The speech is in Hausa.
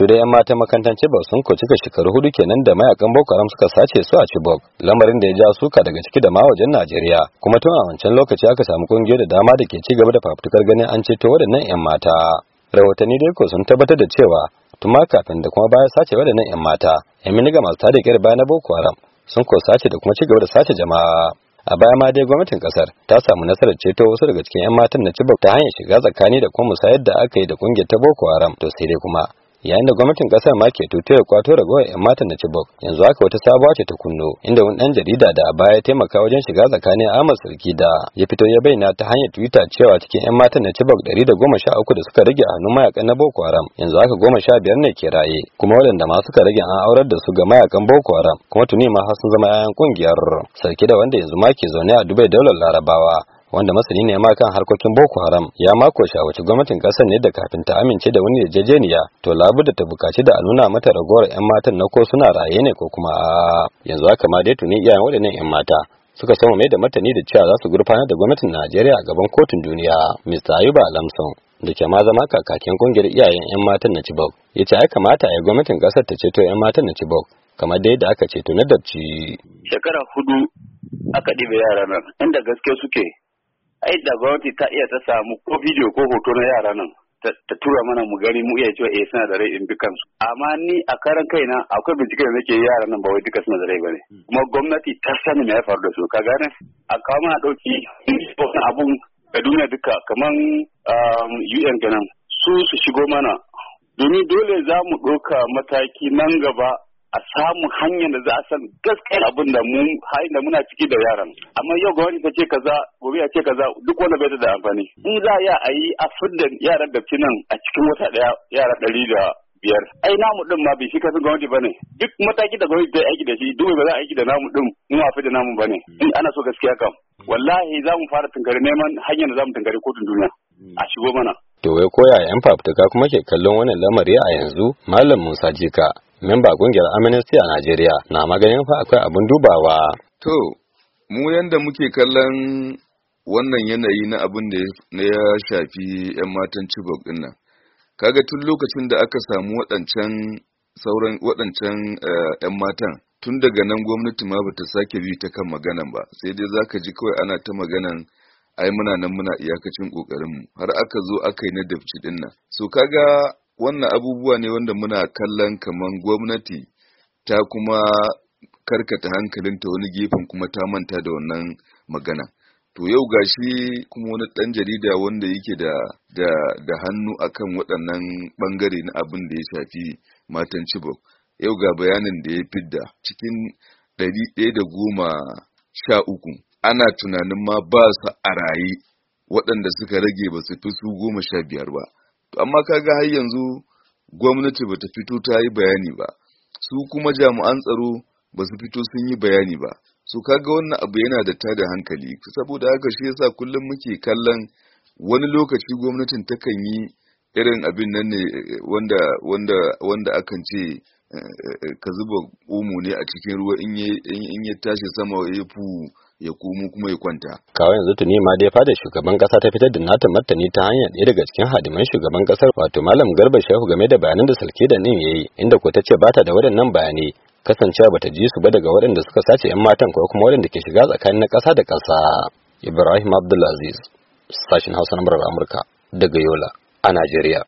to da 'yan mata makantan Chibok sun ko cika shekaru hudu kenan da mayakan Boko Haram suka sace su a Chibok lamarin da ya ja suka daga ciki da ma wajen Najeriya kuma tun a wancan lokaci aka samu kungiyoyi da dama da ke ci gaba da fafutukar ganin an ceto waɗannan 'yan mata rahotanni dai ko sun tabbatar da cewa tuma kafin da kuma baya sace waɗannan 'yan mata 'yan miniga masu tada kyar baya na Boko Haram sun ko sace da kuma ci gaba da sace jama'a a baya ma dai gwamnatin kasar ta samu nasarar ceto wasu daga cikin 'yan matan na Chibok ta hanyar shiga tsakani da kuma musayar da aka yi da kungiyar ta Boko Haram to sai dai kuma yayin da gwamnatin kasar ma ke ya kwato ragowar 'yan matan na Chibok yanzu haka wata sabuwa ce ta kunno inda wani dan jarida da a baya taimaka wajen shiga tsakanin Ahmad Sarki da ya fito ya bayyana ta hanyar Twitter cewa cikin 'yan matan na Chibok 113 da suka rage a hannun mayakan na Boko Haram yanzu haka goma sha biyar ne ke raye kuma waɗanda ma suka rage an aurar da su ga mayakan Boko Haram kuma tuni ma har sun zama 'ya'yan kungiyar Sarki da wanda yanzu ma ke zaune a Dubai daular Larabawa wanda masani ne ma kan harkokin Boko Haram ya mako wace gwamnatin kasar ne da kafin ta amince da wani yarjejeniya to da ta bukaci da a nuna mata ragowar 'yan matan na ko suna raye ne ko kuma a yanzu haka ma dai tuni iyayen waɗannan 'yan mata suka sama mai da martani da cewa za su gurfanar da gwamnatin Najeriya a gaban kotun duniya Mr. Ayuba Lamson da ke ma zama kakakin kungiyar iyayen 'yan matan na Chibok ya ce ya kamata a gwamnatin kasar ta ceto 'yan matan na Chibok kamar dai da aka ceto na Dabci. Shekara hudu aka ɗibe yaran nan inda gaske suke ai da gwamnati ta iya ta samu ko bidiyo ko hoto na yara nan ta tura mana mu gani mu iya cewa eh suna da rai in bi su. amma ni a karan kaina akwai bincike da nake yara nan ba wai duka suna da rai bane hmm. kuma gwamnati ta sani me ya faru da su ka gane a kawo mana dauki abun da duniya duka kaman UN um, ganan su su shigo mana domin dole za mu ɗauka mataki nan gaba a samu hanyar da za a san gaskiyar abin da mu da muna ciki da yaran amma yau ga wani ta ce kaza gobe a ce kaza duk wanda bai da amfani in za a yi a yi a fidda yaran da nan a cikin wata daya yara ɗari da biyar ai namu din ma bai shi kafin gwamnati ba ne duk mataki da gwamnati ta aiki da shi duk ba za a aiki da namu din mu a da namu ba ne in ana so gaskiya kam wallahi za mu fara tunkari neman hanyar da za mu tunkari kotun duniya hmm. a shigo mana. To wai koya 'yan fafutuka kuma ke kallon wannan lamari a yanzu Malam Musa Jika memba kungiyar amnesty a najeriya na maganin fa akwai abin dubawa to mu yanda muke kallon wannan yanayi na abin da ya shafi 'yan matan chibok din nan kaga tun lokacin da aka samu waɗancan sauran waɗancan eh, 'yan matan tun daga nan gwamnati ma bata sake bi ta kan maganan ba sai dai zaka ji kawai ana ta maganan ai muna nan muna iyakacin kokarin mu har aka zo aka yi na dabci din nan so kaga wannan abubuwa ne wanda muna kallon kaman gwamnati ta kuma karkata hankalinta wani gefen kuma ta manta da wannan magana to yau gashi kuma wani ɗan jarida wanda yake da da da hannu akan waɗannan bangare na abin da ya shafi matan Cibok, yau ga bayanin da ya fidda cikin ɗari ɗaya da goma sha uku ana tunanin ma ba su a raye waɗanda suka rage ba su fi su goma sha biyar ba amma kaga har yanzu gwamnati bata fito ta yi bayani ba su kuma jami'an tsaro ba su fito sun yi bayani ba su kaga wannan abu yana da tada hankali saboda haka shi yasa kullum muke kallon wani lokaci gwamnatin takan yi irin abin nan ne wanda wanda wanda akan ce eh, eh, eh, ka zuba omo ne a cikin ruwa in ya tashi sama ya fu ya komo kuma ya kwanta. Kawai yanzu tuni ma dai fadar shugaban kasa ta fitar da nata martani ta hanyar ɗaya daga cikin hadiman shugaban kasar wato Malam Garba Shehu game da bayanan da Sarki da nin yayi inda ko ta ce bata da waɗannan bayanai kasancewa bata ji su ba daga waɗanda suka sace 'yan matan ko kuma waɗanda ke shiga tsakanin na ƙasa da ƙasa. Ibrahim Abdulaziz, sashin Hausa na Amurka daga Yola a Najeriya.